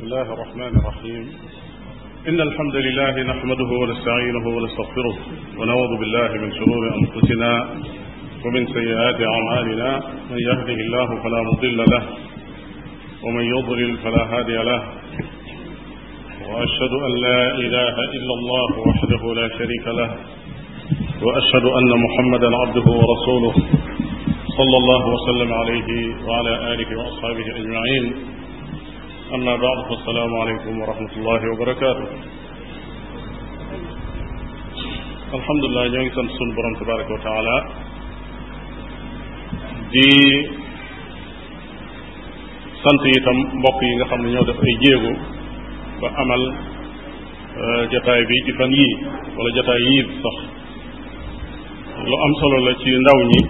بسم الله الرحمن الرحيم إن الحمد لله نحمده ونستعينه ونستغفره ونعوذ بالله من شرور أنفسنا ومن سيئات أعمالنا من يهده الله فلا مضل له ومن يضلل فلا هادي له وأشهد أن لا إله إلا الله وحده لا شريك له وأشهد أن محمدا عبده ورسوله صلى الله وسلم عليه وعلى آله وأصحابه أجمعين amma baad fa assalaamu aleykum wa rahmatullahi wa barakaatu alhamdulilah ñoo ngi sant sunu borom wa taala di sant itam mbokk yi nga xam ne ñoo def ay jéego ba amal euh, jataay bi ci fan yii wala jataay yii sax lu am solo la ci ndaw ñi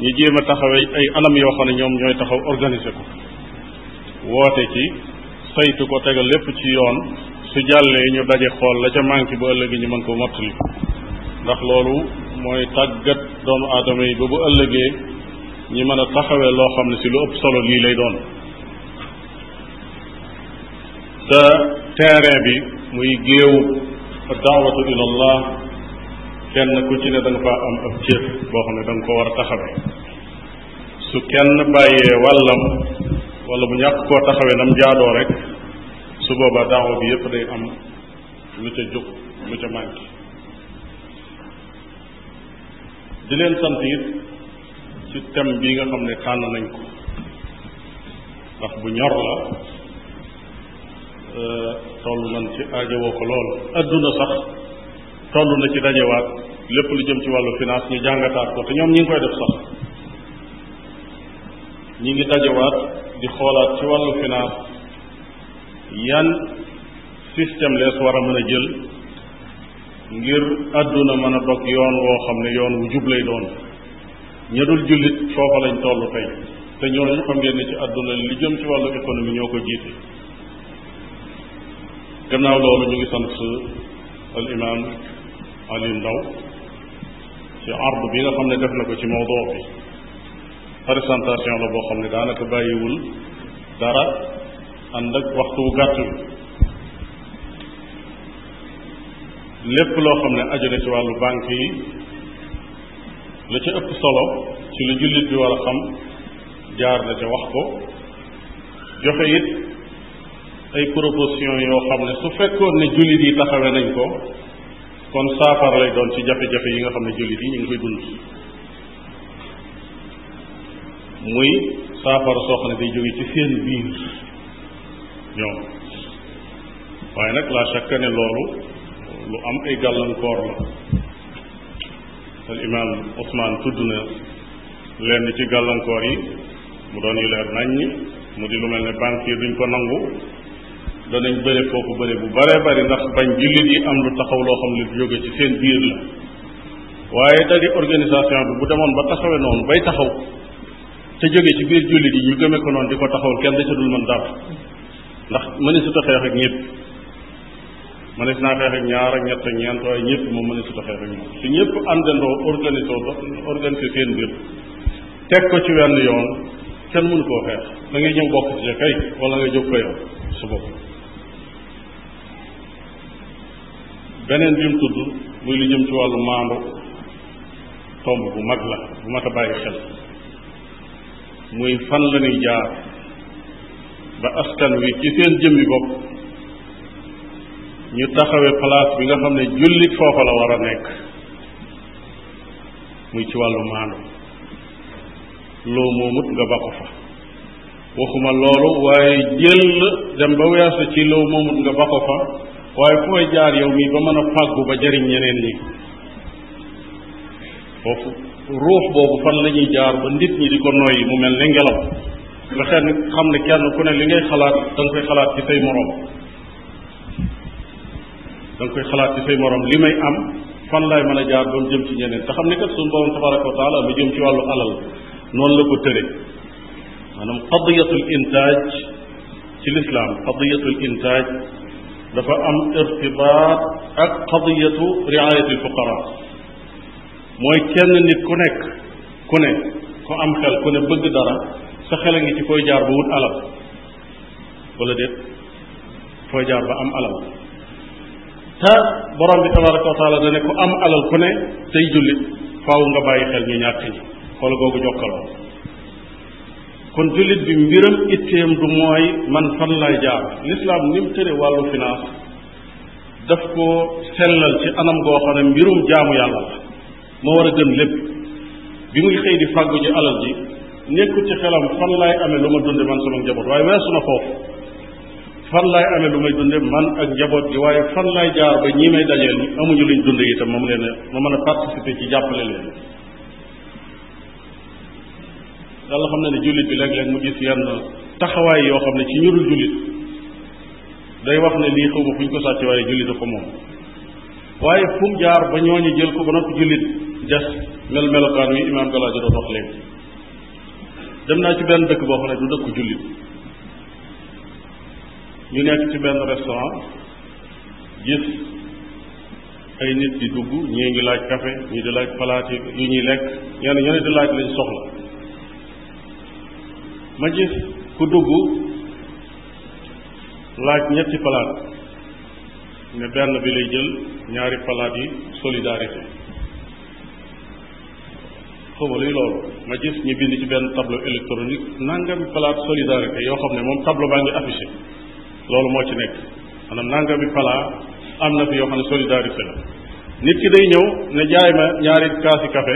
ñu jéem a taxawee ay anam yoo xam ne ñoom ñooy taxaw organiser woote ci saytu ko tegal lépp ci yoon su jàllee ñu daje xool la ca manqué bu ëllëgee ñu mën ko mottali ndax loolu mooy tàggat doomu aadama yi ba bu ëllëgee ñi mën a taxawee loo xam ne si lu ëpp solo lii lay doon te terrain bi muy géewu daawatu ila allah kenn ku ci ne da nga am ab cër boo xam ne da ko war a taxawee su kenn bàyyee wàllam wala bu ñàkk koo taxawee nam jaadoo rek su boobaa daawa bi yépp day am lu ca jóg lu ca manqué di leen sant it ci thème bii nga xam ne tànn nañ ko ndax bu ñor la euh, toll nañ ci aajowoo ko lool adduna sax toll na ci dajewaat lépp lu jëm ci wàllu finance ñu jàngataat ko te ñoom ñi ngi koy def sax ñi ngi dajewaat di xoolaat ci wàllu finance yan système lees war a mën a jël ngir àdduna mën a dog yoon woo xam ne yoon wu jublay doon ña dul jullit foofa lañ toll tey te ñooñu xam ngeen ci àdduna li jëm ci wàllu économie ñoo ko jiite gannaaw loolu ñu ngi sant al imam Ali Ndaw ci ardu bi nga xam ne def na ko ci mawduu bi présentation la boo xam ne daanaka bàyyiwul dara ànd ak waxtu wu gàtt bi lépp loo xam ne aju na ci wàllu banque yi la ca ëpp solo ci lu jullit bi war a xam jaar na ca wax ko joxe it ay proposition yoo xam ne su fekkoon ne jullit yi taxawee nañ ko kon saafara lay doon ci jafe-jafe yi nga xam ne jullit yi ñu ngi koy dund muy saafara soo xam ne day jóge ci seen biir ñoom waaye nag la chaque ne loolu lu am ay gàllankoor la al imaam Ousmane tudd na lenn ci gàllankoor yi mu doon yu leer naññ mu di lu mel ne banque yi duñ ko nangu danañ bëre foofu bëre bu bare bari ndax bañ jullit yi am lu taxaw loo xam ne lu jóge ci seen biir la waaye daje organisation bi bu demoon ba taxawee noonu bay taxaw te jóge ci biir jullit yi ñu gëme ko noonu di ko taxawal kenn da ca dul mën dara ndax mëneesut a xeex ak ñëpp mënees naa xeex ñaar ak ñett ñëpp moom mëneesut a xeex ak ñoom su ñëpp àndandoo organisé organisé seen mbir ko ci wenn yoon kenn mënu ñëw bokk ci kay wala nga jóg ko yow su bopp beneen bi mu tudd muy li jëm ci wàllu maandu tomb bu mag la bu mat a bàyyi xel muy fan la ñuy jaar ba askan wi ci seen jëmmi bopp ñu taxawee place bi nga xam ne jullit foofa la war a nekk muy ci wàllu maandu loo moomut nga ba ko fa waxuma loolu waaye jël dem ba weesu ci loo moomut nga ba ko fa waaye fooy jaar yow mii ba mën a fàggu ba jariñ ñeneen ñi foofu ruux boobu fan la jaar ba nit ñi di ko noyyi mu mel ne ngelaw nga xen xam ne kenn ku ne li ngay xalaat da nga koy xalaat ci say moroom koy xalaat ci moroom li may am fan laay mën a jaar ba mu jëm ci ñeneen te xam ne kat suñu borom tabaraka wa taala jëm ci wàllu alal noonu la ko tëre maanaam qadiyatul intaaj ci lislaam qadiyatul intaaj dafa am irtibaat ak qadiyatu riayatul fuqara mooy kenn nit ku nekk ku ne ku am xel ku ne bëgg dara sa xel a ngi ci fooy jaar ba wut alal wala déet fooy jaar ba am alal te borom bi tabaraka wa taala ku am alal ku ne tey jullit faaw nga bàyyi xel ñu ñàkk ñi xool googu jokkaloo kon jullit bi mbiram itteem du mooy man fan lay jaar lislaam ni mu wàllu finance daf ko sellal ci anam goo xam ne mbirum jaamu yàlla la moo war a gën lépp bi muy xëy di fàggu ji alal ji nekkul ci xelam fan laay ame lu ma dunde man sama njaboot waaye weesu na foofu fan laay amee lu may dunde man ak njaboot gi waaye fan laay jaar ba ñii may dajeel ñi amuñu luñ dunde itam ma mu leen ma mën a participer ci jàppale leen yàlla xam na ne jullit bi léeg-léeg mu gis yenn taxawaay yoo xam ne ci ñurul jullit day wax ne lii xaw ma fu ñu ko sàcc waaye jullit a ko moom waaye fu jaar ba ñooñu jël def mel melokaan wi imaam Galaajo doon wax léegi dem naa ci benn dëkk boo xam ne du dëkku jullit ñu nekk ci benn restaurant gis ay nit di dugg ñii ngi laaj café ñii di laaj palaat yu ñuy lekk ñenn ñeneen di laaj lañ soxla ma gis ku dugg laaj ñetti palaat ne benn bi lay jël ñaari palaat yi solidarité xawma luy loolu ma gis ñu bind ci benn tableau électronique nangami palaat solidarité yoo xam ne moom tableau baa ngi affiché loolu moo ci nekk maanaam nangami palaat am na fi yoo xam ne solidarité la nit ki day ñëw ne jaay ma ñaari kaasi café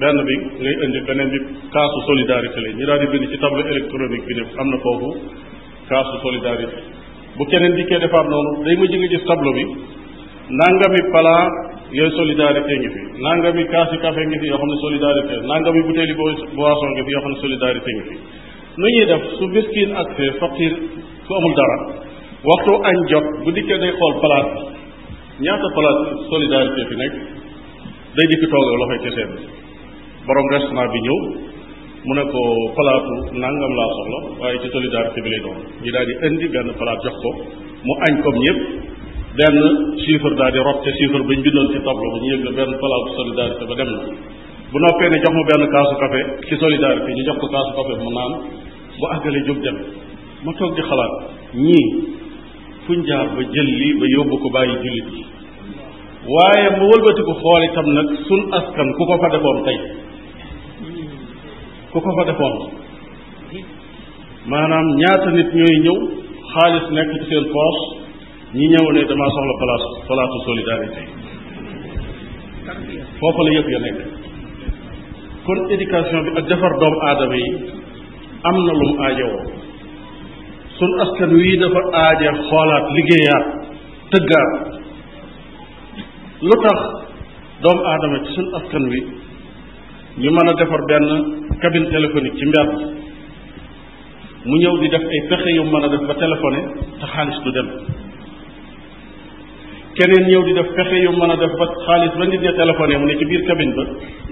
benn bi ngay indi beneen bi kaasu solidarité la ñu daal bi bind ci tableau électronique bi ne am na foofu kaasu solidarité bu keneen dikkee defaat noonu day ma jënga gis tableau bi nangami palaat yooyu solidarité ngi fi nangami kaasi café ngi fi yoo xam ne solidarité nangami butéeli boisson ngi xam ne solidarité ngi fi nu ñuy def su miskin ak see faqir su amul dara waxtu añ jot bu dikkee day xool place ñaata place solidarité fi nekk day dikk toog loxoy keseen borom restaurant bi ñëw mu ne ko palaatu nangam laa soxla waaye ci solidarité bi lay doon ñu daal di indi benn palaat jox ko mu añ comme ñëpp benn chiffre daal di rob te chiffre bañ bindoon ci tableau bu ñu yëg la benn palaasu solidarité ba dem na bu noppee ne jox ma benn kaasu café ci solidarité ñu jox ko kaasu café mu naan bu àggalee jóg dem ma toog di xalaat ñii fuñ jaar ba jël li ba yóbbu ko bàyyi jullit yi waaye ma wëlbati ko xool itam nag sun askan ku ko fa defoon tey ku ko fa defoon maanaam ñaata nit ñooy ñëw xaalis nekk ci seen poche ñi ñëw ne damaa soxla place place solidarité foofa la yëpp ya nekk kon éducation bi ak defar doomu aadama yi am na lu mu aajowoo sun askan wii dafa aaje xoolaat liggéeyaat tëggaat lu tax doomu aadama ci sun askan wi ñu mën a defar benn cabine téléphonique ci mbedd mu ñëw di def ay pexe yu mën a def ba téléphoné te xaalis du dem keneen ñëw di def pexe yu mën a def ba xaalis ba nit ña téléphoné mu ne ci biir cabine ba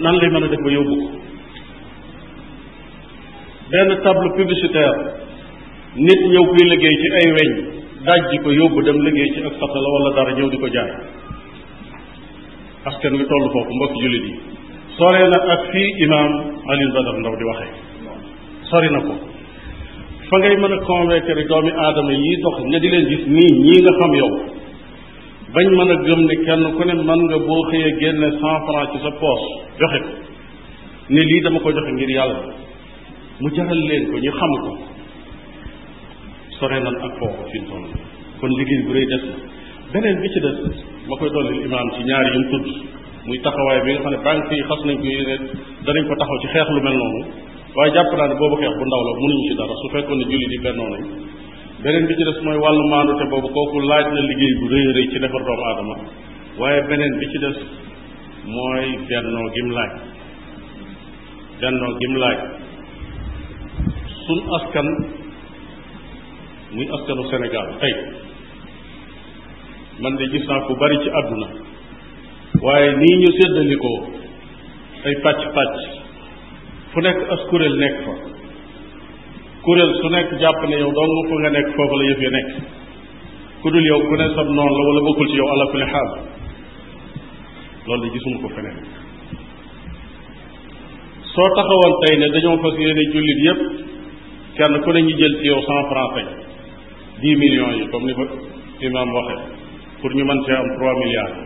nan lay mën a def ba yóbbu ko benn table publicitaire nit ñëw kuy liggéey ci ay weñ dajji ko yóbbu dem liggéey ci ak satala wala dara ñëw di ko jaay askan wi toll foofu mbokk jullit yi sore na ak fii imaam Alioune Badara Ndao di waxee sori na ko fa ngay mën a convaincre doomi aadama yi dox nga di leen gis nii ñii nga xam yow bañ mën a gëm ne kenn ku ne mën nga boo xëyee génne cent franc ci sa poos joxe ko ne lii dama ko joxe ngir yàlla mu jaral leen ko ñu xam ko sore nan ak foofu fi mu kon liggéey bu rëy des na beneen bi ci des ma koy dolli imaam ci ñaari yu tudd muy taxawaay bi nga xam ne banque yi xas nañ ko yéene danañ ko taxaw ci xeex lu mel noonu waaye jàpp naa ne boobu xeex bu ndaw la mënuñu ci dara su fekkoon ne julli di bennoo nañ beneen bi ci des mooy wàllu maandu te boobu kooku laaj na liggéey bu rëy rëy ci defar doomu aadama waaye beneen bi ci des mooy bennoo gim laaj bennoo gim laaj sun askan muy askanu Sénégal tey man de gis naa ku bari ci àdduna waaye nii ñu séddalikoo ay pàcc pàcc fu nekk as kuréel nekk fa kuréel su nekk jàpp ne yow dong fa nga nekk foofu la yëf ya nekk ku dul yow ku ne sab noonu la wala bokkul ci yow ala kulli xaal loolu di gisuma ko feneen soo taxawoon tey ne dañoo fas yéene jullit yépp kenn ku ne ñu jël ci yow cent franc tey dix millions yi comme ni ko imam waxe pour ñu mën cee am trois milliards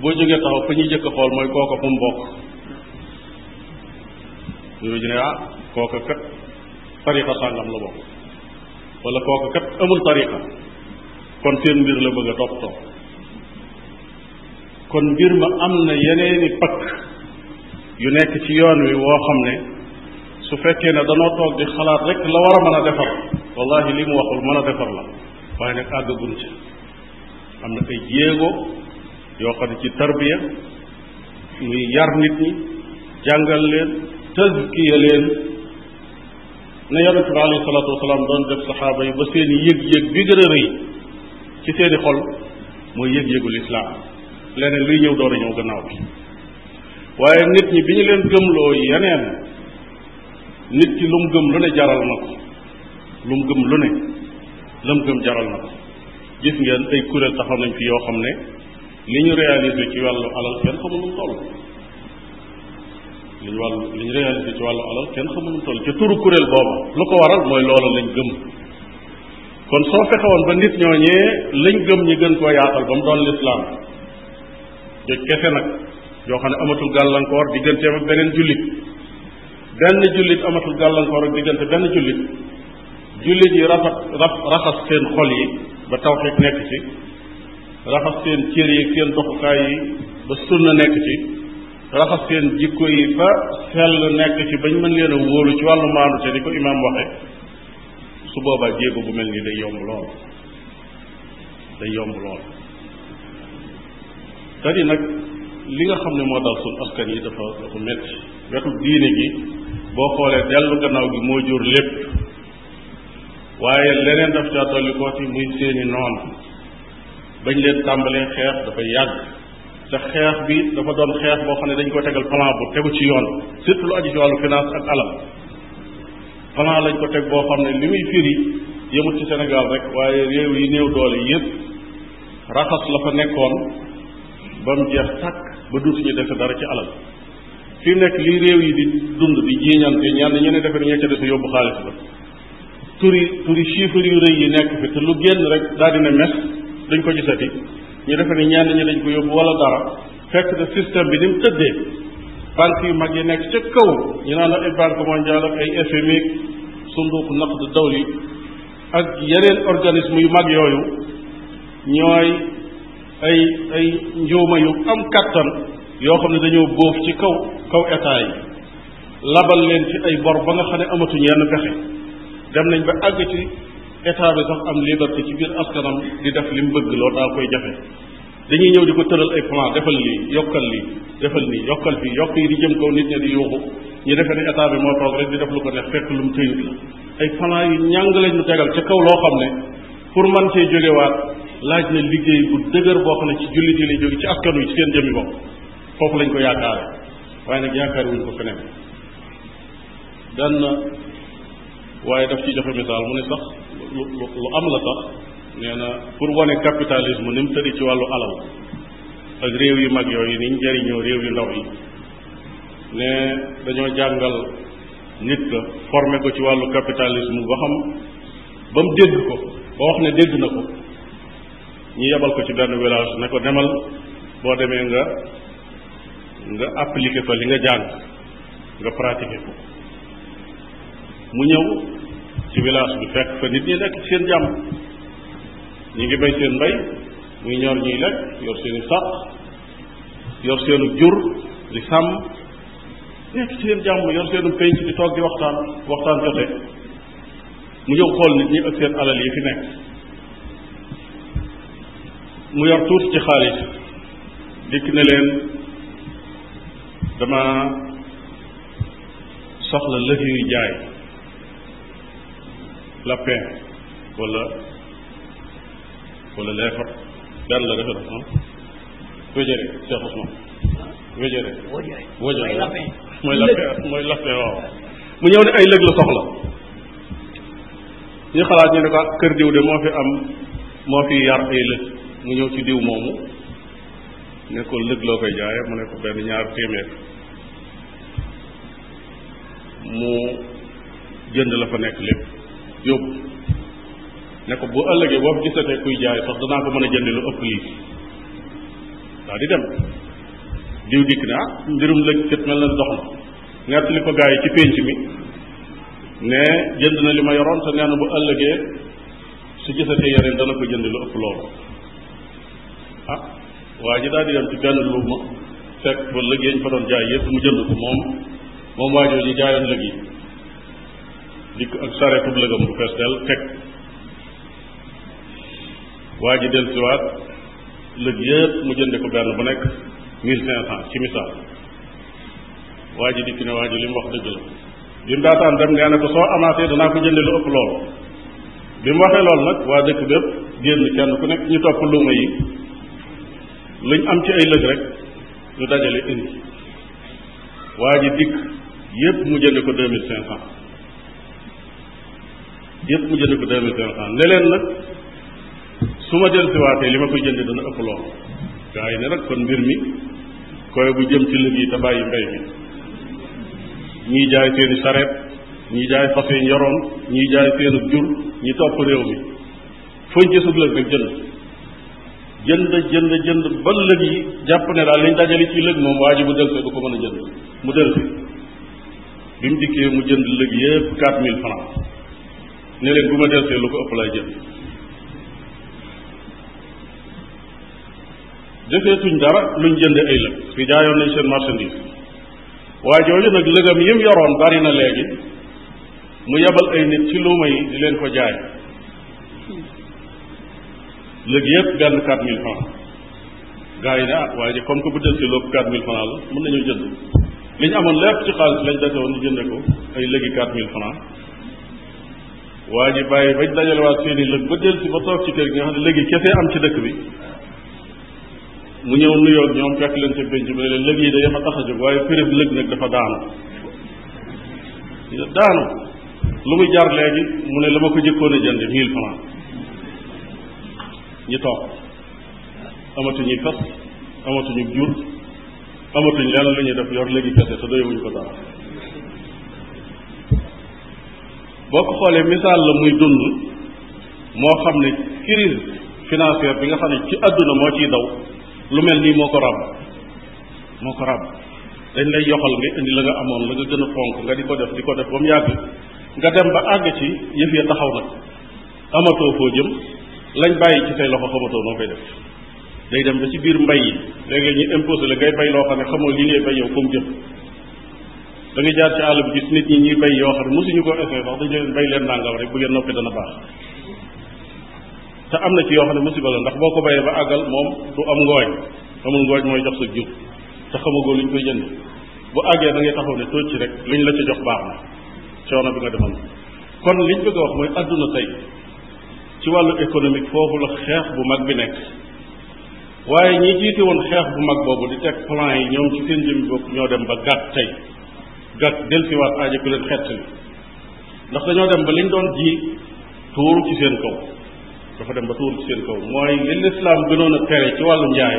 boo jógee taxaw fa ñuy jëkk xool mooy kooka fu mu bokk ñu ne ah kooka kat tariqa sàngam la bokk wala kooku kat amul tariqa kon seen mbir la bëgg a topp topp kon mbir ma am na yeneeni pakk yu nekk ci yoon wi woo xam ne su fekkee ne danoo toog di xalaat rek la war a mën a defar wallahi li mu waxul mën a defar la waaye nag àggagun ci am na ay jéego yoo xam ne ci tarbiya muy yar nit ñi jàngal leen tazkiya leen na yonente bi alayhi salaatu wasalaam doon def saxaaba yi ba seen yëg-yëg bi gën a rëy ci seen i xol mooy yëg-yëgu lislaam leneen luy ñëw door a ñëw gannaaw bi waaye nit ñi bi ñu leen gëmloo yeneen nit ki lu gëm lu ne jaral na ko lu gëm lu ne lu gëm jaral na ko gis ngeen ay kuréel taxaw nañ fi yoo xam ne li ñu réalisé ci wàllu alal kenn xamul lu toll li ñu wàllu li ñu ci wàllu alal kenn xamuñu toll ci turu kuréel booba lu ko waral mooy loola lañ gëm kon soo fexewoon ba nit ñooñee lañ gëm ñi gën koo yaatal ba mu doon lislaam te kese nag yoo xam ne amatul gàllankoor digganteem ak beneen jullit benn jullit amatul gàllankoor diggante benn jullit jullit yi rafet raxas seen xol yi ba tawxiid nekk ci raxas seen cër yi seen doxukaay yi ba sunna nekk ci raxas seen jikko yi ba sell nekk ci bañ mën leen wóolu ci wàllu maandu te ni ko imaam waxe su boobaa jéego bu mel ni day yomb lool day yomb lool tadi nag li nga xam ne moo dal suñ askan yi dafa dafa métti wetu diine gi boo xoolee dellu gannaaw gi moo jur lépp waaye leneen daf caa dolli kooti muy seeni noon bañ leen tàmbalee xeex dafa yàgg te xeex bi dafa doon xeex boo xam ne dañ ko tegal plan bu tegu ci yoon surtout lu aju ci wàllu finance ak alal plan lañ ko teg boo xam ne li muy firi yëmut ci Sénégal rek waaye réew yi néew doole yëpp raxas la fa nekkoon ba mu jeex tàkk ba dootuñu dese dara ci alal fi mu nekk lii réew yi di dund di jiiñante ñaan ñu ne defe ña ca dese yóbbu xaalis ba turi turi chiffres yu rëy yi nekk fi te lu génn rek daal dina mes duñ ko gisati ñu defe ne ñenn ñi dañ ko yóbbu wala dara fekk na système bi ni mu tëddee banque yu mag yi nekk ca kaw ñu naan la ay banque mondiale ak ay FMI sunduq naqd dawli ak yeneen organisme yu mag yooyu ñooy ay ay njuuma yu am kattan yoo xam ne dañoo bóof ci kaw kaw état yi labal leen ci ay bor ba nga xam ne amatuñ yenn pexe dem nañ ba àgg état bi sax am liberté ci biir askanam di def li mu bëgg loolu daa koy jafe dañuy ñëw di ko tëral ay plan defal lii yokkal lii defal nii yokkal fii yokk yi di jëm kaw nit ñi di yuuxu ñu defee ne état bi moo toog rek di def lu ko def fekk lu mu tëyut la ay plan yu ñàng lañ ñu tegal ca kaw loo xam ne pour man cee jógewaat laaj na liggéey bu dëgër boo xam ne ci jullit yi lay jóge ci askan wi ci seen jëmmi bopp foofu lañ ko yaakaare waaye nag yaakaar wuñ ko feneen benn waaye daf ci joxe misaal mu ne sax lu lu am la sax nee na pour wane capitalisme ni mu tëddi ci wàllu alal ak réew yu mag yooyu ni ñu jëriñoo réew yu ndaw yi ne dañoo jàngal nit ka formé ko ci wàllu capitalism ba xam ba mu dégg ko ba wax ne dégg na ko ñu yebal ko ci benn village ne ko demal boo demee nga nga appliqué fa li nga jàng nga pratiqué ko mu ñëw ci village bi fekk fa nit ñi nekk ci seen jàmm ñu ngi bay seen mbay muy ñor ñuy lekk yor seen i yor seenu jur di sàmm nekk ci seen jàmm yor seenu penc di toog di waxtaan waxtaan jotee mu seen alal yi fi mu yor tuuti ci xaalis dikk ne leen dama soxla lëf yuy jaay lapin wala wala leefar dara la defe dafa ah. wéjëre Cheikh mooy lapin mooy lapin waaw mu ñëw ne ay lëg la soxla ñu xalaat ñu ne ko ah, kër diw de moo fi am moo fi yar ay lëg mu ñëw ci diw moomu ne lëg loo koy jaaye mu ne ko benn ñaar téeméer mu jënd la fa nekk lépp yóbbu ne ko bu ëllëgee boo gisatee kuy jaay sax danaa ko mën a jënd lu ëpp lii daa di dem diw dikk ne ah mbirum lëj kët mel na dox na nett li ko gaa yi ci pénc mi ne jënd na li ma yoroon te nee na bu ëllëgee su gisatee yeneen dana ko jënd lu ëpp loolu ah waa ji daal di dem ci benn luuma fekk ba lëg yañ fa doon jaay yëpp mu jënd ko moom moom waa jooju jaayoon lëg yi dikk ak sareetub lëgam bu fees del teg waa ji del siwaat lëg yëpp mu jënde ko benn bu nekk mille cinq cent ci misaal waa ji dikk ne waa ji li mu wax dëgg la bi mu daataan dem nee na ko soo amaatee danaa ko jënde lu ëpp lool bi mu waxee loolu nag waa dëkk bépp génn kenn ku nekk ñu topp luuma yi luñ am ci ay lëg rek ñu dajale indi waa ji dikk yépp mu jënde ko deux mille cinq cent yëpp mu jënd ko deux mille cinq cent ne leen nag su ma dellusiwaatee li ma ko jënd dana ëpp lool gaa yi kon mbir mi koy bu jëm ci liggéey te bàyyi mbay mi ñii jaay seeni sareet ñii jaay fas yi yoroon ñii jaay seenu jur ñi topp réew mi fuñ ci sublëg nag jënd jënd jënd jënd ba lëg yi jàpp ne daal liñ dajale ci lëg moom waa bu delsee du ko mën a jënd mu delsi bi mu dikkee mu jënd lëg yépp quatre mille francs ne leen bu ma delsee lu ko ëpp laay jënd defeetuñ dara luñ jënde ay lëg fi jaayoon nañ seen marchandise waaye jooju nag lëgam yim yoroon bari na léegi mu yebal ay nit ci luuma yi di leen ko jaay lëg yëpp benn quatre mille francs gars yi ne ah waaye comme que bu del si lopp quatre mille francs la mën nañu jënd li ñu amoon lépp ci xaalis lañ dese woon ñu jënde ko ay lëgi quatre mille francs waa ji bàyyi bañ dajale waat seen i lëg ba del ba toog ci kër gi nga xam ne kese am ci dëkk bi mu ñëw nuyoog ñoom fekk leen ca penc ba ne leen lëg yi day ma tax a jóg waaye bi lëg nag dafa daanu daanu lu muy jar léegi mu ne la ma ko jëkkoon a jënd mille francs ñi toog amatuñu fas amatuñu jur amatuñ lenn lu ñuy def yor léegi kese te doyewuñu ko dara boo ko xoolee misaal la muy dund moo xam ne crise financière bi nga xam ne ci àdduna moo ciy daw lu mel nii moo ko ràbb moo ko ràbb dañ lay yoxal nga indi la nga amoon la nga gën a fonk nga di ko def di ko def ba mu yàgg nga dem ba àgg ci yëf ya taxaw nag amatoo foo jëm lañ bàyyi ci say loxo xamatoo noo koy def day dem ba ci biir mbay yi léegi ñu imposé la ngay bay loo xam ne xamoo li ngay bay yow comme jëm da jaar ci àll bi gis nit ñi ñuy bay yoo xam ne mosuñu ko essayé sax dañu leen bay leen nangam rek bu ngeen noppi dana baax te am na ci yoo xam ne musiba la ndax boo ko bayee ba àggal moom du am ngooñ amul ngooñ mooy jox sa jub te xamagoo luñ koy jënd bu àggee da ngay taxaw ne tóoj ci rek liñ la ci jox baax na coono bi nga demal kon liñ bëgg a wax mooy adduna tey ci wàllu économique foofu la xeex bu mag bi nekk waaye ñi jiite woon xeex bu mag boobu di te plan yi ñoom ci ñoo dem ba gàtt tey gàtt delsiwaat aaja ku leen xett li ndax dañoo dem ba liñ doon ji tuuru ci seen kaw dafa dem ba tuuru ci seen kaw mooy li lislaam gënoon a tere ci wàllu njaay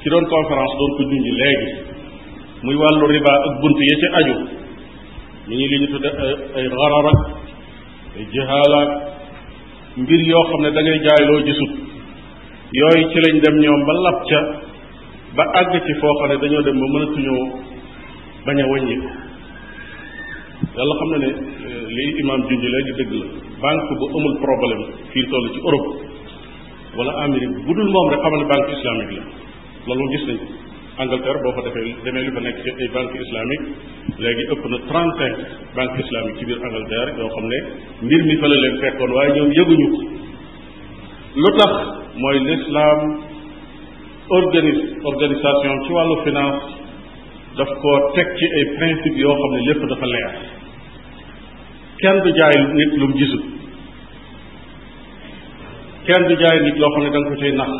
ci doon conférence doon ko junj léegi muy wàllu riba ak bunt ya ci aju ñu ngi li ñu tudde ay xarar ak ay jihaalaak mbir yoo xam ne dangay ngay jaay loo gisut yooyu ci lañ dem ñoom ba lab ca ba àgg ci foo xam ne dañoo dem ba mënatuñoo bañ a wàññi ko yàlla xam na ne eh, li imam junj léegi dëgg la banque bu amul problème fii toll ci Europe wala Amérique bu dul moom rek xamal ne banque islamique la loolu moom gis nañ ko boo fa defee demee li fa nekk ci ay banque islamique léegi ëpp na trente cinq banque islamique ci biir Angleterre yoo xam ne mbir mi fa la leen fekkoon waaye ñoom yëguñu ko lu tax mooy l'islam organise organisation ci wàllu finance daf ko teg ci ay principe yoo xam ne lépp dafa leer kenn du jaay nit lu mu gisul kenn du jaay nit yoo xam ne da nga ko cay nax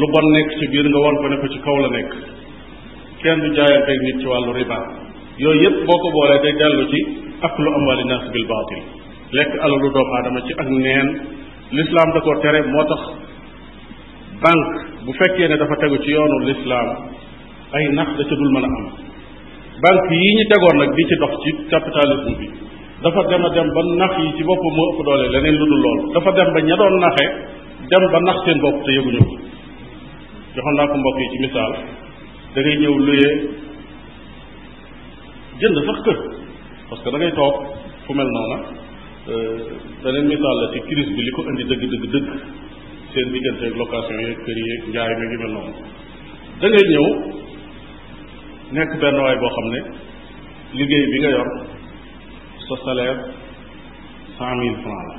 lu bon nekk ci biir nga won ko ne ko ci kaw la nekk kenn du jaay ak nit ci wàllu riba yooyu yëpp boo ko boolee day dellu ci aklu amwaali naas bil baatil lekk alalu doomu aadama ci ak neen lislaam da koo tere moo tax banque bu fekkee ne dafa tegu ci yoonu lislaam ay nax da ca dul mën a am banque yi ñu tegoon nag bi ci dox ci capitalisme bi dafa dem a dem ba nax yi ci boppam moo ëpp doole leneen lu dul lool dafa dem ba ña doon naxe dem ba nax seen bopp te yëguñu ko joxoon naa ko mbokk yi ci misaal da ngay ñëw luyee jënd sax kër parce que da ngay toog fu mel noona euh, beneen misaal la ci crise bi li ko indi dëgg dëgg dëgg seen digganteeg location yeeg kër yeeg njaay mi ngi mel noonu da ñëw nekk benn waay boo xam ne liggéey bi nga yor sa salaire cent mille francs la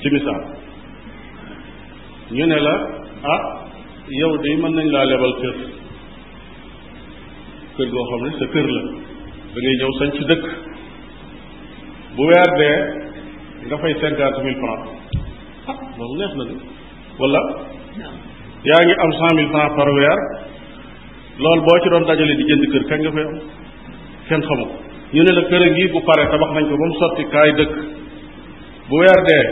ci misaal ñu ne la ah yow de mën nañ laa lebal kër kër goo xam ne sa kër la da ngay ñëw sañ ci dëkk bu weer dee nga fay cinquante mille francs ah loolu neex na de wala yaa ngi am cent mille francs par weer loolu boo ci doon dajale di jënd kër kañ nga koy am kenn xamu ko ñu ne la kër a ngi bu pare tabax nañ ko ba mu sotti kaay dëkk bu weer dee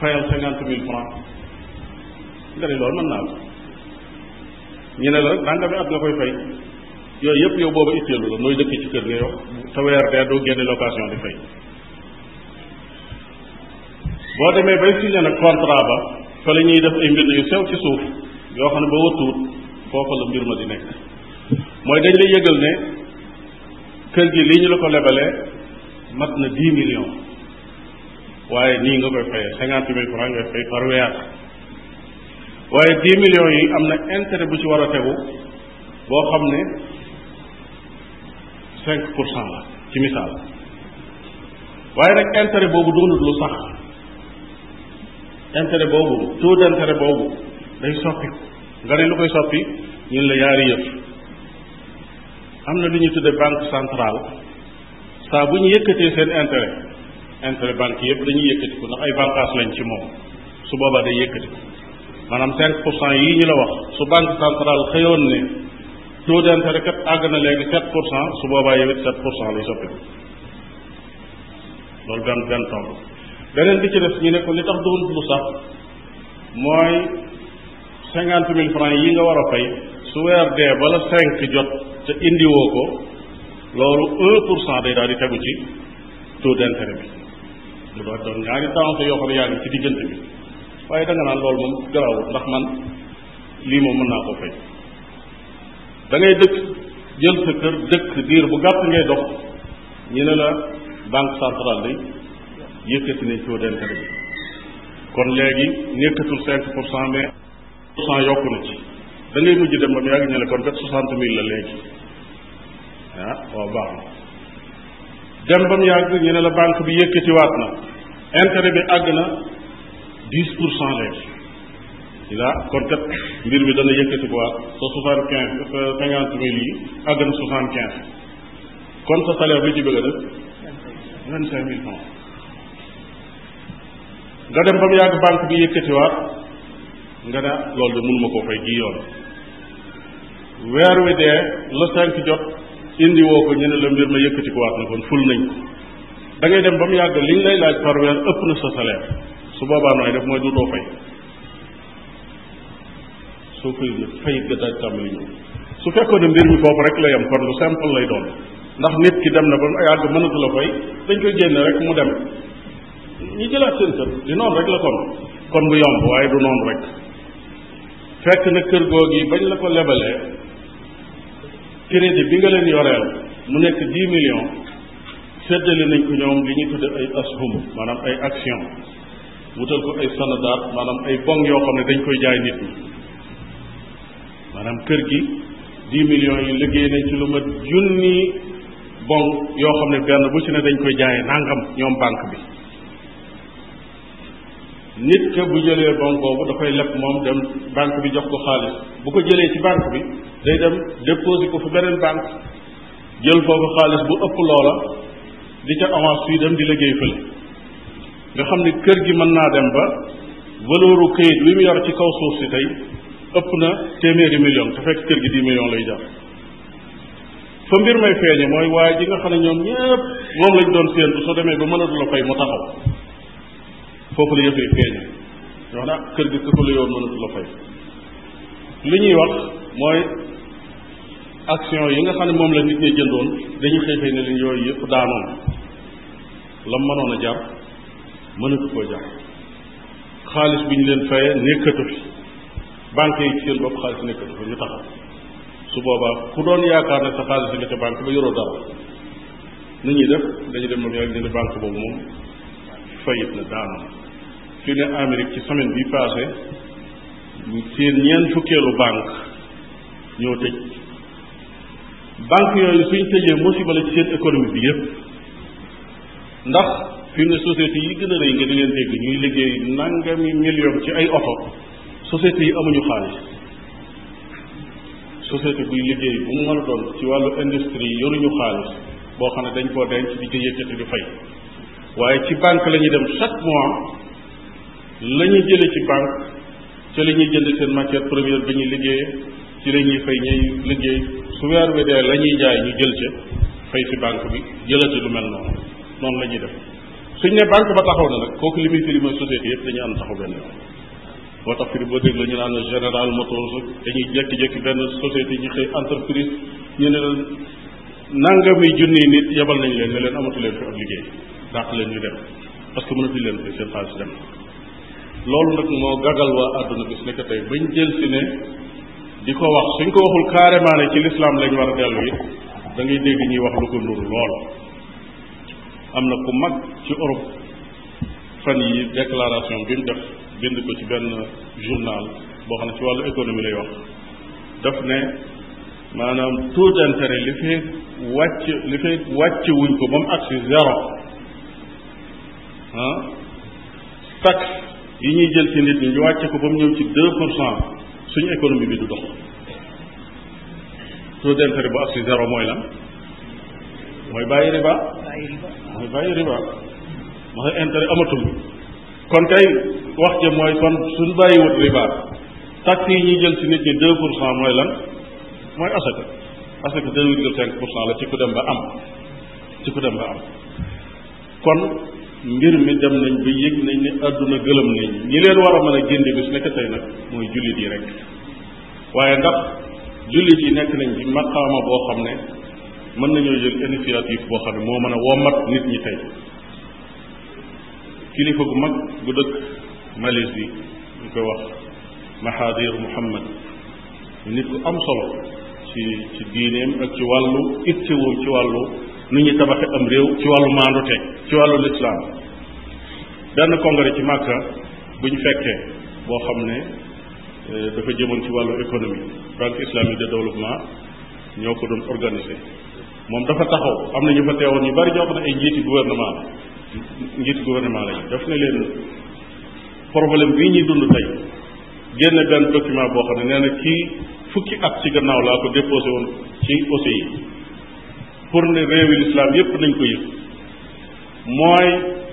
fayal cinquante mille franc nga ne loolu mën naa ko ñu ne la nangami at nga koy fay yooyu yëpp yow boobu itteelu la nooy dëkk ci kër nga yow te weer dee doo génne location di fay boo demee bay signé nag contrat ba fa la ñuy def ay mbind yu sew ci suuf yoo xam ne ba wëttuwut foofa la mbir di nekk mooy dañ lay yëgal ne kër gi lii ñu la ko lebalee mat na dix millions waaye nii nga koy fayee cinquante mille francs ngay fay par weer waaye dix millions yi am na intérêt bu ci war a tegu boo xam ne cinq pour cent la ci misaal waaye nag intérêt boobu doonut lu sax intérêt boobu taux d'intérêt boobu day soppiku nga ne lu koy soppi ñun la ñaari yëf am na lu ñu tudde banque centrale saa bu ñu yëkkatee seen intérêt intere banque yëpp dañuy yëkkati ko ndax ay bànqaas lañ ci moom su boobaa day maanaam 5 pour cent yi ñu la wax su banque centrale xëyoon ne taux d'intérêt kat àgg na léegi 7 pour cent su boobaa yow it 7 pour cent lay soppi loolu benn benn tomb beneen bi ci des ñu ne ko li tax doon sax mooy cinquante mille francs yi nga war a fay su weer dee bala cinq jot te indiwoo ko loolu un pour cent day daal di tegu ci taux d'intérêt bi du doon doon ñaari temps yoo xam yaa ngi ci diggante bi waaye da nga naan loolu moom garaawul ndax man lii moom mën naa ko fay da dëkk jël sa kër dëkk diir bu gàtt ngay dox ñu ne la banque centrale day yëkkati ne taux d'intérêt bi kon léegi nekkatul cinq pour cent mais pour cent yokku na ci da ngay mujj dem ba mu yàgg ñu kon kat soixante mille la léegi ah, waaw baax na dem ba mu yàgg ñu la banque bi yëkkatiwaat na intérêt bi àgg na dix pour cent léegi ila kon kat mbir bi dana yëkkati ko waat soixante quinze cinquante mille yi àgg na soixante quinze kon sa salaire li ci bëgg a nga dem ba mu yàgg banque bi yëkkatiwaat nga ne loolu de mënuma koo fay gi yoon weer wi dee la cinq jot indi woo ko ñu la mbir ma yëkkati ko na kon ful nañ ko da ngay dem ba mu yàgg liñ lay laaj par weer ëpp na sa salaire su boobaa nooy def mooy duutoo fay soo fay nag fay ga daaj tàmbali su fekkoon mbir mi foofu rek la yem kon lu simple lay doon ndax nit ki dem na ba mu yàgg mënatu la fay dañ koy génne rek mu dem ñu jëlaat seen kër di noonu rek la kon kon bu yomb waaye du noonu rek fekk na kër googi bañ la ko lebalee crédit bi nga leen yoreel mu nekk dix million séddale nañ ko ñoom li ñuy tudde ay ashum maanaam ay action wutal ko ay sanadaat maanaam ay bong yoo xam ne dañ koy jaay nit ñi maanaam kër gi dix million yi liggéey nañ ci lu mat junni bong yoo xam ne benn bu ci ne dañ koy jaay nangam ñoom banque bi nit ka bu jëlee bon boobu da koy leb moom dem banque bi jox ko xaalis bu ko jëlee ci banque bi day dem déposer ko fu beneen banque jël foofu xaalis bu ëpp loola di ca avance fii dem di liggéey fële nga xam ne kër gi mën naa dem ba valeuru këyit wi mu yor ci kaw suuf si tey ëpp na téeméeri million te fekk kër gi dix million lay jar fa mbir may feeñe mooy waaye ji nga xam ne ñoom ñépp moom lañ doon séentu soo demee ba mënatu la fay mu taxaw foofu la yëf yi feeñ ñoo na ah, kër gi ko la yoon mënatu la fay li ñuy wax mooy action yi nga xam ne moom la nit ñi jëndoon dañuy xëy xëy ne leen yooyu yëpp daanoon la mënoon a jar mënatu koo jar xaalis bi ñu leen fayee nekkatu fi banque yi ci seen bopp xaalis nekkatu fi ñu taxaw su boobaa ku doon yaakaar ne sa xaalis bi nga ca banque ba yoroo dara nit ñi def dañuy dem ba mu yàgg banque boobu moom fayit na daanoon ne Amérique ci semaine bi passé seen ñeent fukkeelu banque ñoo tëj banque yooyu suñ tëjee musiba la ci seen économie bi yépp ndax fi mu ne société yi gën a rëy nga di leen dégg ñuy liggéey nangami million ci ay oto société yi amuñu xaalis société buy liggéey bu mu mën a doon ci wàllu industrie yi xaalis boo xam ne dañ koo denc di ko yëkkati di fay waaye ci banque la dem chaque mois la ñu jële ci banque ci la ñuy jënd seen matière première bi ñuy liggéeyee ci la ñuy fay ñuy liggéey su weer wi dee la ñuy jaay ñu jël ca fay si banque bi jëlati lu mel noonu noonu la ñuy def suñ ne banque ba taxaw na nag kooku li muy firi mooy société yëpp dañuy ànd taxaw benn moo tax firi boo dégg la ñu naan général motors dañuy jékki-jékki benn société ñu xëy entreprise ñu ne leen nangami junniy nit yebal nañ leen ne leen amatu leen fi ab liggéey dàq leen ñu dem parce que mënatuñ leen fi seen loolu nag moo gagal waa àdduna bis nekk tey bañ jël si ne di ko wax suñ ko waxul carrément ci lislaam lañ war a dellu it da dégg ñuy wax lu ko nuru lool am na ku mag ci Europe fan yi déclaration bi mu def bind ko ci benn journal boo xam ne ci wàllu économie lay wax daf ne maanaam taux d'intérêt li fee wàcc li fee wàcc wuñ ko ba mu agsi zéro ah yi ñuy jël ci nit ñi ñu wàcce ko ba mu ñëw ci deux pour cent suñu économie bi du dox taux d'intérêt bu assis zéro mooy lan mooy bàyyi riba mooy bàyyi riba mooy intérêt amatul kon kay wax ja mooy kon suñ bàyyiwut riba taxe yi ñuy jël ci nit ñi deux pour cent mooy lan mooy asaka asaka deux virgule cinq pour cent la ci ku dem ba am ci ku dem ba am kon mbir mi dem nañ ba yëg nañ ne àdduna gëlëm nañ ñi leen war a mën a génne bis nekk tey nag mooy jullit yi rek waaye ndax jullit yi nekk nañ ci maqaama boo xam ne mën nañoo jël initiative boo xam ne moo mën a womat nit ñi tey kilifa gu mag gu dëkk Malaisie ñu koy wax Mahadir Muhammad nit ku am solo ci ci diineem ak ci wàllu ittewoom ci wàllu nu ñuy tabaxe am réew ci wàllu maandute ci wàllu lislaam benn congrès ci màkka bu ñu fekkee boo xam ne euh, dafa jëmoon ci wàllu économie banque islamique de développement ñoo ko doon organisé moom dafa taxaw am na ñu fa teewoon ñu bari ñoo xam ay njiiti gouvernement la njiiti gouvernement lañu daf ne leen problème bii ñuy dund tey génne benn document boo xam ne nee na ci fukki at ci gannaaw laa ko déposé woon ci yi pour ne réewi lislaam yépp nañ ko yëg mooy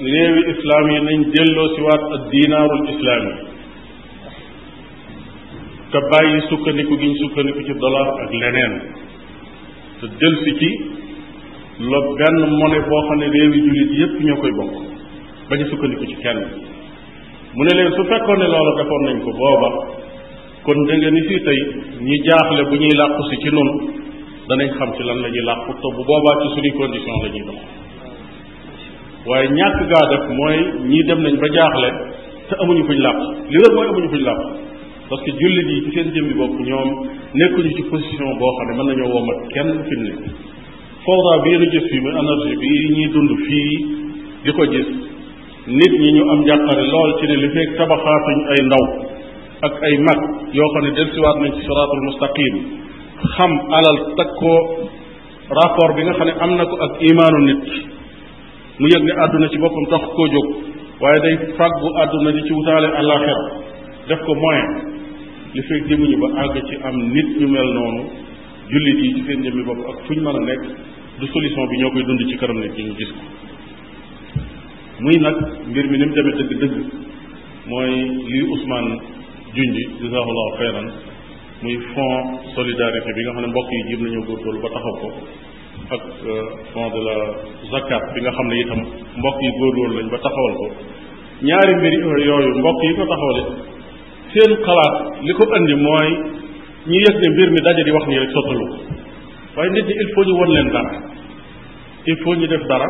réewi islaam yi nañ delloo si waat ak diinaarul islaam yi te bàyyi sukkandiku gi ñu sukkandiku ci dollar ak leneen te delsi ci la benn monnaie boo xam ne réewi jullit yépp ñoo koy bokk bañ a sukkandiku ci kenn mu ne leen su fekkoon ne loola defoon nañ ko booba kon da nga ni fii tey ñi jaaxle bu ñuy làqu ci noonu danañ xam ci lan la ñuy làqu te bu boobaa ci suñuy condition la ñuy dox waaye ñàkk gaa def mooy ñii dem nañ ba jaaxle te amuñu fuñ làqu li wér mooy amuñu fuñ làqu parce que jullit yi ci seen jëmmi bopp ñoom nekkuñu ci position boo xam ne mën nañoo womat kenn fi mu ne fawda bi ñu gis fii muy énergie bi ñuy dund fii di ko gis nit ñi ñu am njàqare lool ci ne li fekk tabaxaatuñ ay ndaw ak ay mag yoo xam ne delsiwaat nañ ci siraatul mustaqim xam alal ko rapport bi nga xam ne am na ko ak imaanu nit mu yëg ne àdduna ci boppam tax koo jóg waaye day fàggu àdduna di ci wutaale àllaaxira def ko moyen li fekk jëmuñu ba àgg ci am nit ñu mel noonu jullit yi ci seen jëmmi bopp ak fu ñu mën a nekk du solution bi ñoo koy dund ci kanam nit ñi ñu gis ko muy nag mbir mi ni mu demee dëgg-dëgg mooy li Ousmane junj jazaahullahu xayran muy fonds solidarité bi nga xam ne mbokk yi jiim nañu góorgóorlu ba taxaw ko ak euh, fonds de la zakat bi nga xam ne itam mbokk yi góorgóorlu lañ ba taxawal ko ñaari mbir yooyu mbokk yi ko taxawale seen xalaat li ko andi mooy ñu yëg ne mbir mi daje di wax nii rek sottalu waaye nit ñi il faut ñu won leen dara il faut ñu def dara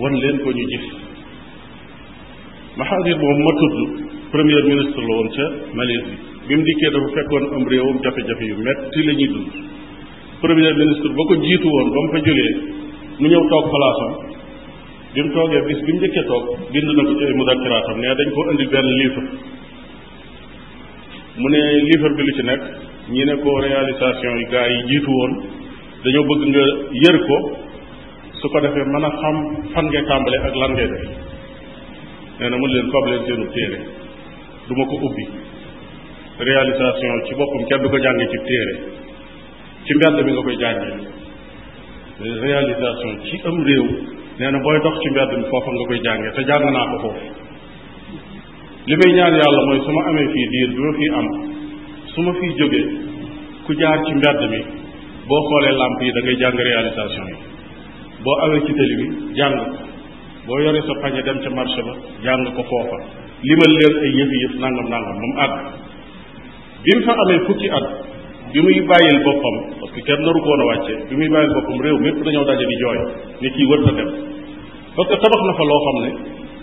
won leen ko ñu gis mahadir boobu ma tudd premier ministre la woon ca Malaisie bi mu dikkee dafa fekkoon am réewam jafe-jafe yu metti la ñuy dund premier ministre ba ko jiitu woon ba mu fa jógee mu ñëw toog palaasam bi mu toogee bis bi mu njëkkee toog bind na ko ci ay dañ koo indi benn livre mu ne livre bi lu ci nekk ñi ne ko réalisation yi gars yi jiitu woon dañoo bëgg nga yër ko su ko defee mën a xam fan ngay tàmbale ak lan ngay def nee na mën leen fab leen seenu téere du ko ubbi réalisation ci boppam kenn du ko jànge ci téere ci mbedd mi nga koy jànge réalisation ci am réew nee na booy dox ci mbedd mi foofa nga koy jànge te jàng naa ko foofu li mooy su ma amee fii diir bi ma am ma fii ku jaar ci mbedd boo xoolee làmp yi da ngay jàng réalisation yi boo awee ci tëli bi jàng dem ca ba jàng ko foofa limal leen ay yëfi yëf nangam nangam ba mu bi mu fa amee fukki at bi muy bàyyil boppam parce kenn naru ko woon a wàcce bi muy bàyyil boppam réew mépp dañoo daje di jooy ne kii wër sa dem parce que tabax na fa loo xam ne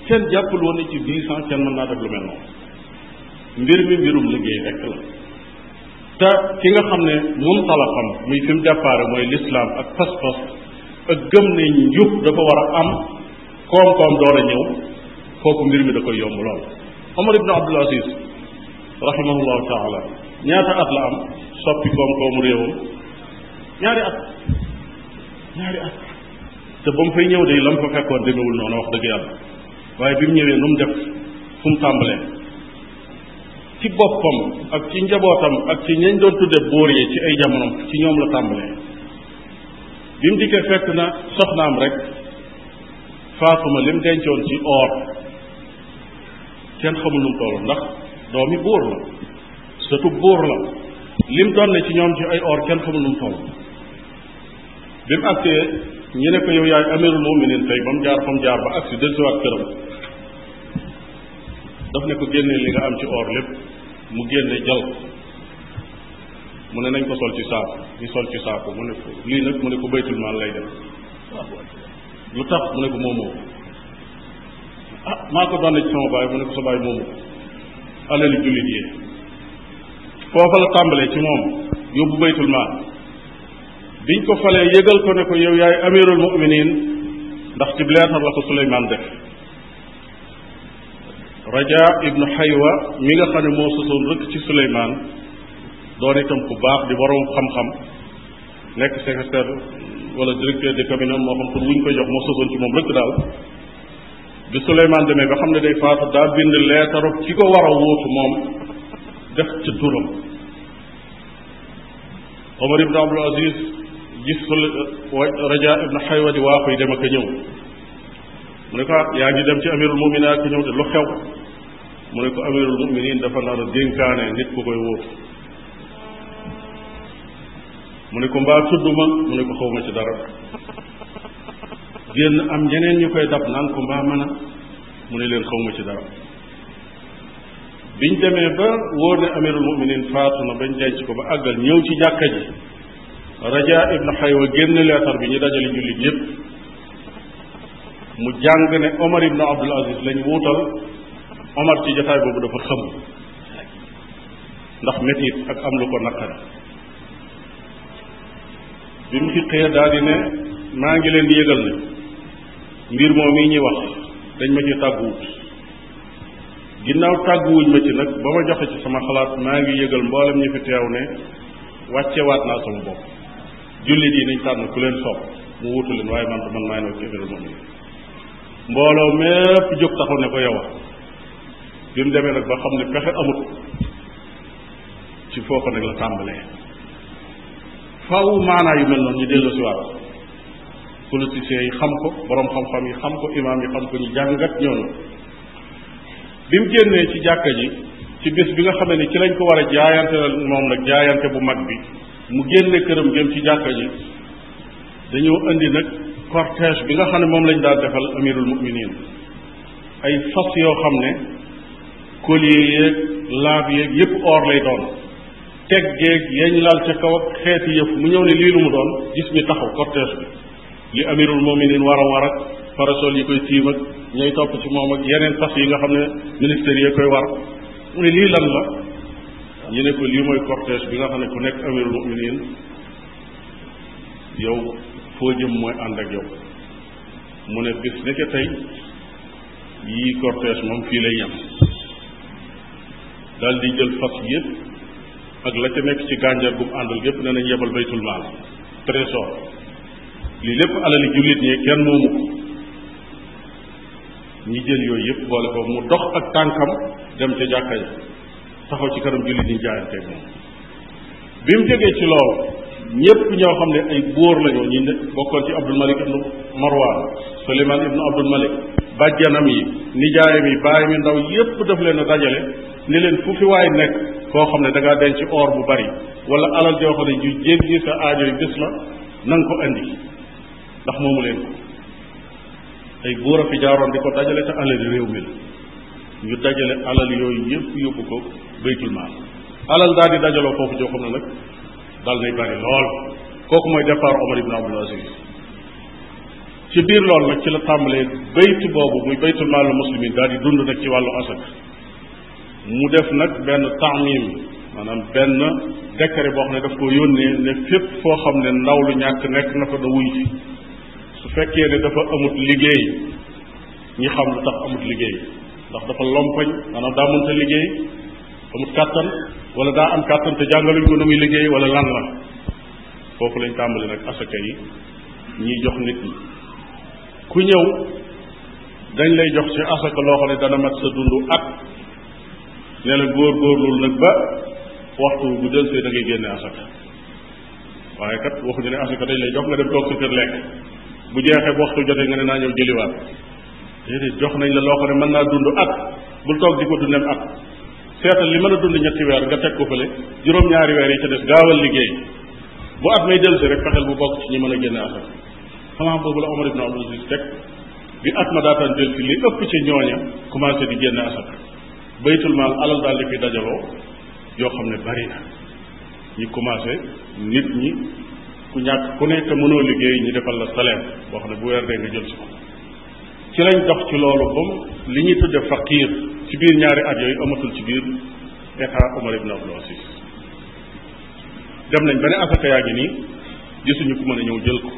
kenn jàppul ci dix ans kenn ki nga xam ne mun tala mooy lislaam ak pas-pas ak gëm ne njub dafa war a am koom-koom door a ñëw kooku mbir mi da koy yomb lool Omar ibn Abdul Aziz rahimahullahu taala ñaata at la am soppi koom-koomu réewam ñaari at ñaari at te ba mu fay ñëw de la mu fa fekkoon demewul noonu wax dëgg yàlla waaye bi mu ñëwee nu mu def fu mu tàmbalee ci boppam ak ci njabootam ak ci ñañ doon tudde buur yi ci ay jamonom ci ñoom la tàmbalee bi mu dikkee fekk na soxnaam rek faatuma li mu dencoon ci or kenn xamul nu mu ndax doomi buur la sëtu buur la lim doon ci ñoom ci ay or kenn xamul nu mu toll bi mu agsee ñu ne ko yow yaay amirul muminin tey ba mu jaar fa mu jaar ba agsi dellusiwaat këram daf ne ko génne li nga am ci or lépp mu génne jal mu ne nañ ko sol ci saaku ñu sol ci saaku mu ne lii nag mu ne ko baytul maal lay def lu tax mu ne ko moomoo ah maa ko doon ne ci sama baay mu ne ko sa baay moomu alali jullit yi foofa la tàmbalee ci moom yóbbu baytul bi biñ ko falee yëgal ko ne ko yow yaay amirul muminin ndax ci leetar la ko Suleymaan def Raja ibnu Xaywa mi nga xam ne moo sosoon rëkk ci Suleymaan doon itam ku baax di borom xam-xam nekk secrétaire wala directeur de cabinet moo xam pour luñ koy jox moo sosoon ci moom rëkk daal bi Souleymane demee ba xam ne day faatu daa bind leetaru ki ko war a wuutu moom def ci turam Omar ibn Abdul Aziz gis Sule Raja ibn Xaywa di waa koy dem ak mu ne ko ah, yaa ngi dem ci amirul muminin ak ñëw de lu xew mu ne ko amirul muminin dafa nar a dénkaane nit ku koy wuutu mu ne ko mbaa tudd mu ne ko xaw ma ci dara génn am ñeneen ñu koy dab naan ko mbaa mën mu ne leen xawma ci dara biñ demee ba wóor ne amirul muminin faatu na bañ denc ko ba àggal ñëw ci jàkka ji raja ibn xaywa génn leetar bi ñu dajale jullit ñëpp mu jàng ne omar ibn abdul aziz lañ wuutal omar ci jotaay boobu dafa xëm ndax métit ak am lu ko naqari bi mu xiqee daal di ne maa ngi leen yëgal ne mbir moom yi ñuy wax dañ ma ci tàgguwut ginnaaw tàgguwuñ ma ci nag ba ma joxe ci sama xalaat maa ngi yëgal mboolem ñu fi teew ne wàccewaat naa sama bopp jullit yi nañ tànn ku leen sopp mu wutu leen waaye man man maay noo kéeféeru moom yi mbooloo mépp jóg taxaw ne ko yow bi mu demee nag ba xam ne pexe amut ci foofa nag la tàmbalee faw maanaa mel noonu ñu dellu waat politiciens yi xam ko boroom xam-xam yi xam ko imaam yi xam ko ñu jàngat ñoonu bi mu génnee ci jàkka ji ci bés bi nga xam ne ci lañ ko war a jaayante moom nag jaayante bu mag bi mu génne këram jëm ci jàkka ji dañoo indi nag cortège bi nga xam ne moom lañ daal defal amirul muminin ay fas yoo xam ne collier yeeg laab yeeg yépp or lay doon teg geeg yañ laal ca kaw ak xeeti yëf mu ñëw ne lii lu mu doon gis ñu taxaw cortège bi li amirul muminin war a war ak parasol yi koy tiim ak ñooy topp ci moom ak yeneen fas yi nga xam ne ministère yi koy war mu ne lii lan la ñu ne ko lii mooy cortège bi nga xam ne ku nekk amirul muminin yow foo jëm mooy ànd ak yow mu ne bis nekk tey yii cortège moom fii lay yem daal di jël fas yëpp ak la ca nekk ci gànjar gu mu àndal yëpp ne nañ yebal baytul maal trésor lii lépp alali jullit ñi kenn moomu ko ñi jël yooyu yëpp boole ko mu dox ak tànkam dem ca jàkka ja taxaw ci kanam jullit ñi jaayanteeg moom bi mu jógee ci loolu ñëpp ñoo xam ne ay góor lañoo ñi ne ci Abdul Malik ibnu Marwan Suleymaan ibnu Abdul Malik bàjjanam yi nijaayam yi baayam yi ndaw yëpp def leen a dajale ni leen fu fi waay nekk koo xam ne da ngaa ci or bu bari wala alal joo xam ne ju jéggi sa aajo yi bés la na ko andi ndax moomu leen ko ay buur a fi di ko dajale te alali réew mi la ñu dajale alal yooyu yëpp yóbbu ko baytul maal alal daal di dajaloo foofu joo xam nag dal nay bari lool kooku mooy départ Omar ibn Abdul Aziz ci biir lool nag ci la tàmbalee bayt boobu muy baytul maal la muslimin daal di dund nag ci wàllu asak mu def nag benn taamim maanaam benn décret boo xam ne daf ko yónnee ne fépp foo xam ne ndaw lu ñàkk nekk na fa da wuy su fekkee ne dafa amut liggéey ñi xam lu tax amut liggéey ndax dafa lompoñ maanaam daa mënta liggéey amut kàttan wala daa am kàttan te jàngaluñ ko nu muy liggéey wala lan la foofu lañ tàmbali nag asaka yi ñiy jox nit ñi ku ñëw dañ lay jox ci asaka loo xam ne dana mat sa dundu at ne góor góorlul nag ba waxtu bu jël see da ngay génne asaka waaye kat waxuñu ne asaka dañ lay jox nga dem toog sa kër lekk bu jeexee waxtu jotee nga ne naa ñëw jëliwaat déedéet jox nañ la loo ko ne mën naa dund at bul toog di ko dundem at seetal li mën a dund ñetti weer nga teg ko fële juróom-ñaari weer yi ca des gaawal liggéey bu at may dellusi rek fexeel bu bokk ci ñi mën a génne asaka boobu la Omar ibn Abdul Aziz bi at ma daataan dellusi li ëpp ci ñooña commencé di génne asaka baytul maal alal daal di fi dajaloo yoo xam ne bari na ñi commencé nit ñi ku ñàkk ku nekk mënoo liggéey ñu defal la salaire boo xam ne bu weer dee nga jël si ko ci lañ dox ci loolu bam li ñuy tudde faqir ci biir ñaari at yooyu amatul ci biir état Omar ibn Abdul dem nañ ba ne asaka yaa ngi nii gisuñu ku mën a ñëw jël ko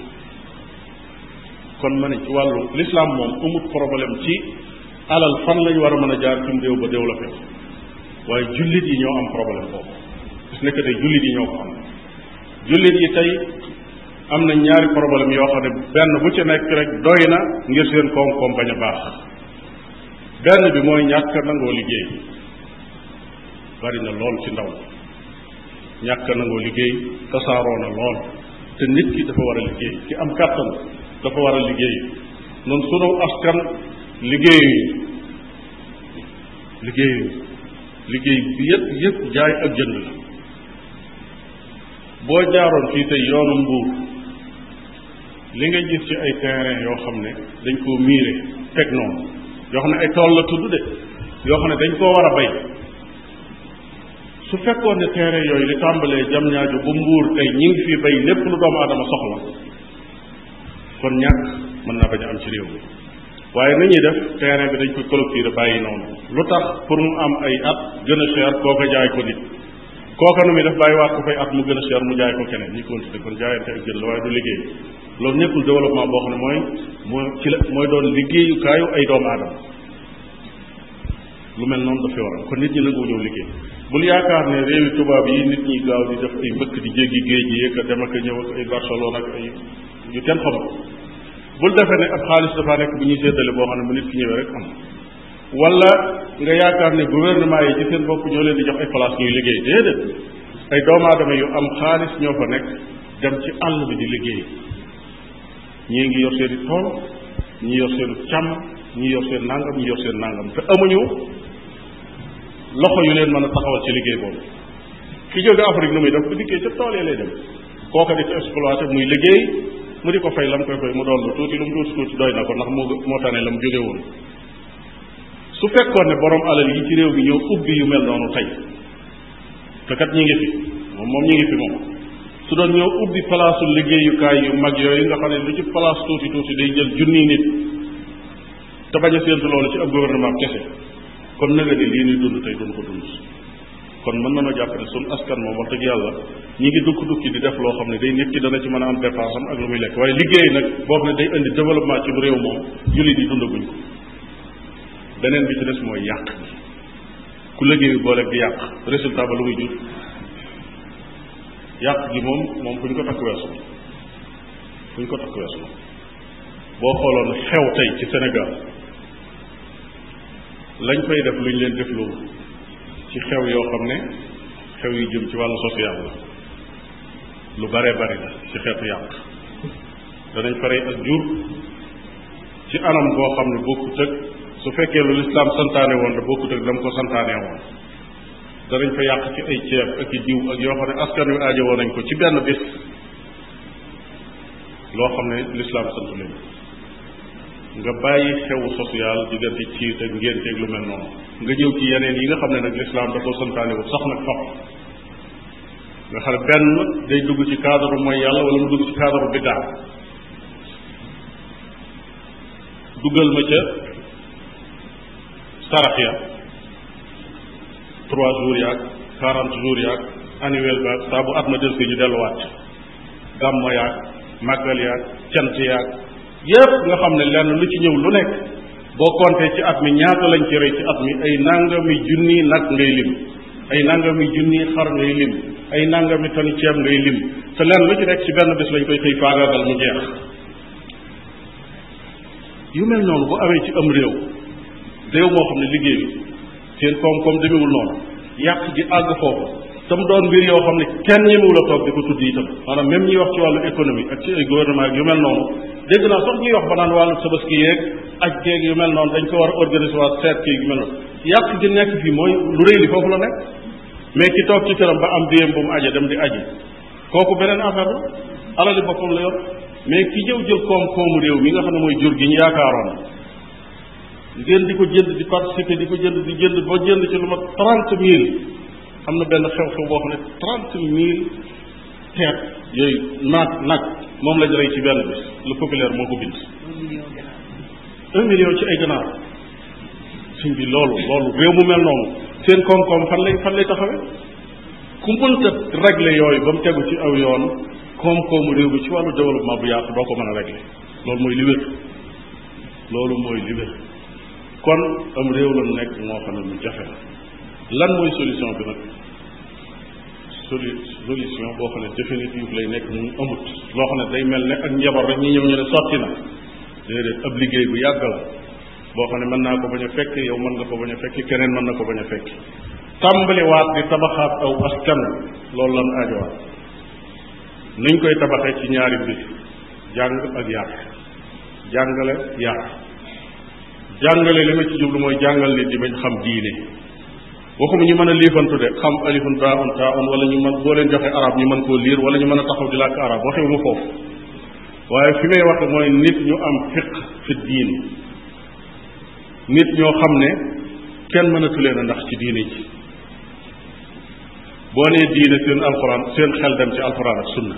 kon ma ne ci wàllu l'islam moom amut problème ci alal fan lañ war a mën a jaar ci réew ba développé waaye jullit yi ñoo am problème boobu gis nekk tey jullit yi ñoo ko am jullit yi tey am na ñaari problème yoo xam ne benn bu ci nekk rek doy na ngir seen koom-koom bañ a baax benn bi mooy ñàkk nangoo liggéey bari na lool ci ndaw ñàkk nangoo liggéey tasaaroo na lool te nit ki dafa war a liggéey ki am kàttan dafa war a liggéey noonu sunu askan liggéeyuñu liggéeyuñu liggéey bi yëpp yëpp jaay ak jënd la boo jaaroon fii tey yoonu mbuur li nga gis ci ay terrain yoo xam ne dañ koo miire teg noonu yoo xam ne ay tool la tudd de yoo xam ne dañ koo war a bay su fekkoon ni terrain yooyu li tàmbalee jam ñaaju bu mbuur tey ñi ngi fi bay lépp lu doomu aadama soxla kon ñàkk mën naa bañ a am ci réew mi waaye nañuy def terrain bi dañ ko clôturer bàyyi noonu lu tax pour mu am ay at gën a cher koo ko jaay ko nit kooka nu muy def bàyyi waat ko fay at mu gën a cher mu jaay ko keneen ñi continué kon jaayante ak jënd la waaye du liggéey loolu nekkul développement boo xam ne mooy mooy ci la mooy doon liggéeyukaayu ay doomu aadama lu mel noonu daf fi kon nit ñi nangu ñëw liggéey bul yaakaar ne réewi tubaab yi nit ñi gaaw di def ay mbëkk di jéggi géej yi ak dem a ñëw ak ay ak ay yu kenn xamul bul defee ne ab xaalis dafaa nekk bu ñuy séddale boo xam ne bu nit rek am wala nga yaakaar ne gouvernement yi ci seen bopp ñoo leen di jox ay place ñuy liggéey déedéet ay doomu aadama yu am xaalis ñoo ko nekk dem ci àll bi di liggéey ñii ngi yor seen tool ñii yor seen càmm ñii yor seen nangam ñii yor seen nangam te amuñu loxo yu leen mën a taxawal ci liggéey boobu ki jóge Afrique nu muy def bu dikkee ca tool ya lay dem kooka di ko exploité muy liggéey mu di ko fay lam koy fay mu doon lu tuuti lu mu tuuti tuuti doy na ko moo moo tane la mu jóge woon su fekkoon ne borom alal yi ci réew bi ñoo ubbi yu mel noonu tey te kat ñi ngi fi moom moom ñi ngi fi moom su doon ñoo ubbi palaasu liggéeyukaay yu mag yooyu nga xam ne lu ci palaas tuuti tuuti day jël junni nit te bañ a séentu loolu ci ab gouvernement kese kon na nga ni lii ñuy dund tey duñ ko dund kon mën nañoo jàpp ne suñu askan moom wax dëgg yàlla ñi ngi dukk dukki di def loo xam ne day nit ki dana ci mën a am dépense am ak lu muy lekk waaye liggéey nag boo xam ne indi développement réew moom jullit yi dundaguñ beneen bi ci des mooy yàq ku liggéeyu boole bi yàq résultat ba lu muy jur yàq gi moom moom fu ñu ko takk weesu fu ñu ko takk weesu boo xooloon xew tey ci Sénégal lañ fay def luñ leen def lu ci xew yoo xam ne xew yu jëm ci wàllu social la lu bare bari la ci xeetu yàq danañ faree ak jur ci anam boo xam ne bokkut ak su fekkee lu lislaam santaane woon la bokkut ak la mu ko santaane woon danañ ko yàq ci ay ceeb ak i diw ak yoo xam ne askan wi aajo woon nañ ko ci benn bis loo xam ne lislaam santu leen nga bàyyi xewu social diggante ciit ak ngénte ak lu mel noonu nga ñëw ci yeneen yi nga xam ne nag lislaam da koo santaane wut sax nag faf nga xam ne benn day dugg ci cadre mooy yàlla wala mu dugg ci cadre biddaa dugal ma ca sarax ya trois jours yaag quarante jours yaag annuel ba saa bu at ma del si ñu delluwaat gàmmo yaag màggal yaag cant yaag yépp nga xam ne lenn lu ci ñëw lu nekk boo compté ci at mi ñaata lañ ci rey ci at mi ay nangami junni nag ngay lim ay nangami junni xar ngay lim ay nangami tani ceeb ngay lim te lenn lu ci nekk ci benn bés lañ koy xëy faagaagal mu jeex yu mel noonu bu amee ci am réew réew moo xam ne liggéey bi seen koom-koom demewul noonu yàq gi àgg foofu tam doon mbir yoo xam ne kenn ñemewul a toog di ko tudd itam maanaam même ñuy wax ci wàllu économie ak ci ay ñuy wax ba naan wàllu sabaski yeeg aj geeg yu mel noonu dañ ko war a organiser waat seet yu mel noonu yàq gi nekk fii mooy lu rëy li foofu la nekk mais ki toog ci këram ba am biyam bu mu aje dem di aji kooku beneen affaire la alali boppam la yor mais ki jëw jël koom-koomu réew mi nga xam ne mooy jur gi ñu yaakaaroon ngeen di ko jënd di participer di ko jënd di jënd boo jënd ci lu ma trente mille am na benn xew-xew boo xam ne trente mille teet yooyu naag naag moom la rey ci benn bis le populaire moo ko bind un million ci ay ganaar suñ bi loolu loolu réew mu mel noonu seen koom-koom fan lay fan lay taxawee ku mënta régler yooyu ba mu tegu ci aw yoon koom-koomu réew bi ci wàllu développement bu yaatu doo ko mën a régler loolu mooy li wér loolu mooy li kon am réew la nekk moo xam ne mu jafe lan mooy solution bi nag solu solution boo xam ne définitive lay nekk mu amut loo xam ne day mel ne ak njabar rek ñi ñëw ñu ne sotti na déedéet ab liggéey bu yàgg la boo xam ne mën naa ko bañ a fekk yow mën nga ko bañ a fekk keneen mën na ko bañ a fekk tàmbaliwaat di tabaxaat aw askan loolu lan aajowaat nuñ koy tabaxee ci ñaari mbir jàng ak yar jàngale yar jàngale li ma ci jublu mooy jàngal nit ñi bañ xam diine waxuma ñu mën a liifantu de xam alifun baaun taaun wala ñu mën boo leen joxe arab ñu mën koo liir wala ñu mën a taxaw di làkk arab waxe ma foofu waaye fi may waxe mooy nit ñu am fiq fi diin nit ñoo xam ne kenn mënatu leen a ndax ci diine ji boo nee diine seen alxuraan seen xel dem ci alxuraan ak sunna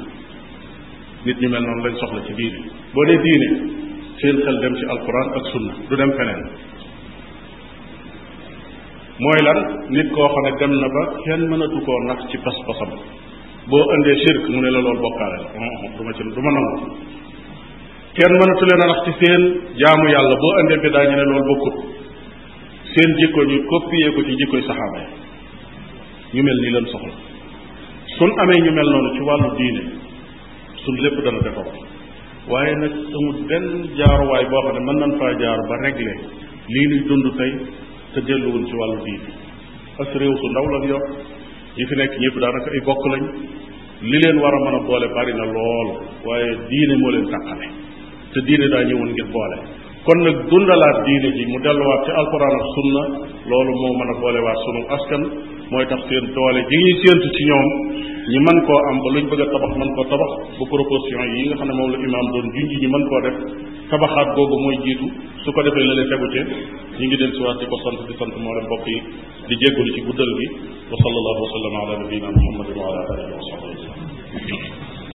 nit ñu mel noonu lañ soxla ci diine boo nee diine seen xel dem ci alquran ak sunna du dem feneen mooy lan nit koo xam ne dem na ba kenn mënatu koo nax ci pas-pasam boo indee shirk mu ne la lool bokkaale la ah, ah, du ma ci du ma nangu kenn mënatu a nax ci seen jaamu yàlla boo indee bidaa ñu ne loolu bokkut seen jikko ñu copier ko ci jikkoy saxaaba yi ñu mel ni lan soxla sun amee ñu mel noonu ci wàllu diine sun lépp dana defar waaye nag amul benn jaaruwaay boo xam ne mën nañ faa jaar ba régler lii nuy dund tey te delluwul ci wàllu diine parce que réew su ndaw lañ yor ñi fi nekk ñëpp daanaka ay bokk lañ li leen war a mën a boole bari na lool waaye diine moo leen tàqale te diine daa ñëwoon ngir boole kon nag dundalaat diine ji mu delluwaat ci alquran ak sunna loolu moo mën a boolewaat sunu askan mooy tax seen doole ji ñuy séentu ci ñoom ñu mën koo am ba luñ bëgg a tabax mën koo tabax bu proposition yi nga xam ne moom la imaam doon junj ñu mën koo def tabaxaat googu mooy jiitu su ko defee la lay tegu ci ñu ngi dem si waat di ko sant di sant moo leen mbokk yi di jéggalu ci guddal bi wa sallallahu wa sallam ala nabiyina wa ala